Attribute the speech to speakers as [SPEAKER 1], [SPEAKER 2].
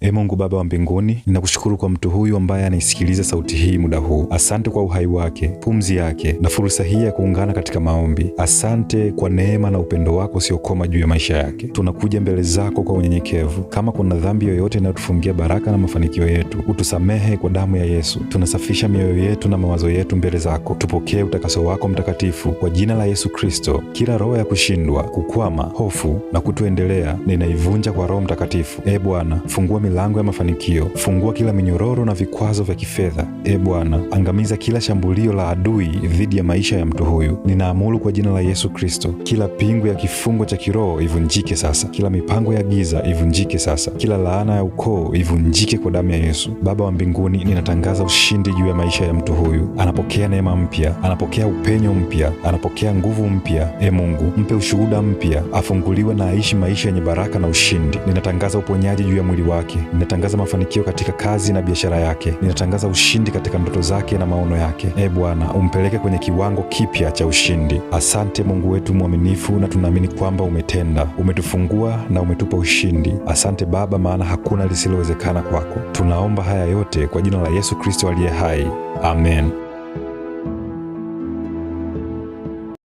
[SPEAKER 1] E Mungu Baba wa mbinguni, ninakushukuru kwa mtu huyu ambaye anaisikiliza sauti hii muda huu. Asante kwa uhai wake, pumzi yake na fursa hii ya kuungana katika maombi. Asante kwa neema na upendo wako usiokoma juu ya maisha yake. Tunakuja mbele zako kwa unyenyekevu. Kama kuna dhambi yoyote inayotufungia baraka na mafanikio yetu, utusamehe kwa damu ya Yesu. Tunasafisha mioyo yetu na mawazo yetu mbele zako. Tupokee utakaso wako mtakatifu kwa jina la Yesu Kristo. Kila roho ya kushindwa, kukwama, hofu na kutoendelea ninaivunja kwa Roho Mtakatifu. E Bwana, fungua milango ya mafanikio, fungua kila minyororo na vikwazo vya kifedha. E Bwana, angamiza kila shambulio la adui dhidi ya maisha ya mtu huyu. Ninaamuru kwa jina la Yesu Kristo, kila pingu ya kifungo cha kiroho ivunjike sasa, kila mipango ya giza ivunjike sasa, kila laana ya ukoo ivunjike kwa damu ya Yesu. Baba wa mbinguni, ninatangaza ushindi juu ya maisha ya mtu huyu. Anapokea neema mpya, anapokea upenyo mpya, anapokea nguvu mpya. E Mungu, mpe ushuhuda mpya, afunguliwe na aishi maisha yenye baraka na ushindi. Ninatangaza uponyaji juu ya mwili wake yake. Ninatangaza mafanikio katika kazi na biashara yake. Ninatangaza ushindi katika ndoto zake na maono yake. E Bwana, umpeleke kwenye kiwango kipya cha ushindi. Asante Mungu wetu mwaminifu, na tunaamini kwamba umetenda, umetufungua na umetupa ushindi. Asante Baba, maana hakuna lisilowezekana kwako. Tunaomba haya yote kwa jina la Yesu Kristo aliye hai, amen.